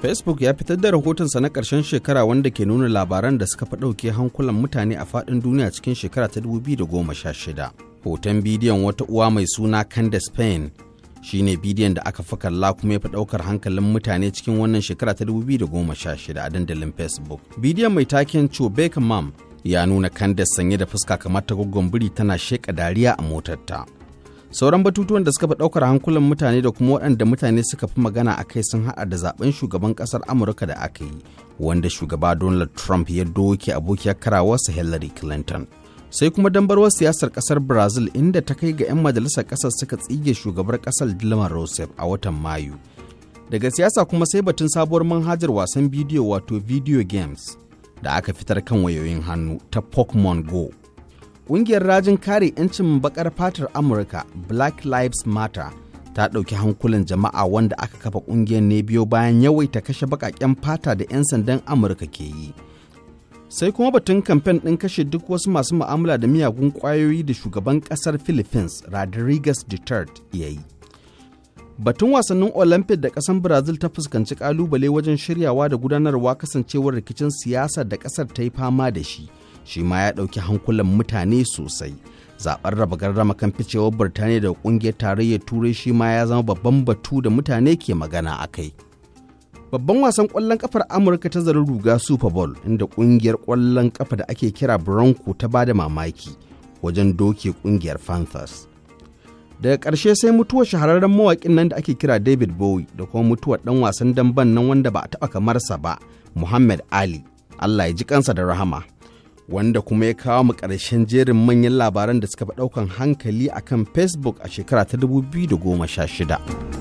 facebook ya fitar da rahotonsa na ƙarshen shekara wanda ke nuna labaran da suka fi ɗauke hankulan mutane a faɗin duniya cikin shekara ta 2016 hoton bidiyon wata uwa mai suna candace spain shine bidiyon da aka fi kalla kuma ya fi ɗaukar hankalin mutane cikin wannan shekara ta 2016 a dandalin facebook bidiyon mai taken chobeka mam ya nuna candace sanye da fuska kamar ta gwaggon biri tana sheƙa dariya a motarta sauran batutuwan da suka fi ɗaukar hankulan mutane da kuma waɗanda mutane suka fi magana a kai sun haɗa da zaben shugaban ƙasar amurka da aka yi wanda shugaba donald trump ya doke abokiyar karawarsa hillary clinton sai kuma dambarwar siyasar ƙasar brazil inda ta kai ga 'yan majalisar ƙasar suka tsige shugabar ƙasar dilma rousseff a watan mayu daga siyasa kuma sai batun sabuwar manhajar wasan bidiyo wato video games da aka fitar kan wayoyin hannu ta pokemon go Ƙungiyar rajin kare 'yancin bakar fatar Amurka Black Lives Matter ta ɗauki hankulan jama'a wanda aka kafa ƙungiyar ne biyo bayan yawaita kashe baƙaƙen fata da 'yan sandan Amurka ke yi. Sai kuma batun kamfen ɗin kashe duk wasu masu mu'amala da miyagun ƙwayoyi da shugaban ƙasar Philippines Rodriguez Duterte ya yi. Batun wasannin Olympic da ƙasar Brazil ta fuskanci ƙalubale wajen shiryawa da gudanarwa kasancewar rikicin siyasa da ƙasar ta yi fama da shi. shi ma ya ɗauki hankulan mutane sosai zaɓen raba gardama kan ficewar birtaniya da ƙungiyar tarayyar turai shi ma ya zama babban batu da mutane ke magana a kai babban wasan ƙwallon ƙafar amurka ta zarar ruga super bowl inda ƙungiyar ƙwallon kafa da ake kira bronco ta bada mamaki wajen doke ƙungiyar panthers daga ƙarshe sai mutuwar shahararren mawaƙin nan da ake kira david bowie da kuma mutuwar ɗan wasan damben nan wanda ba a taɓa kamarsa ba muhammad ali allah ya ji kansa da rahama wanda kuma ya kawo mu ƙarshen jerin manyan labaran da suka fi ɗaukan hankali a kan facebook a shekara ta 2016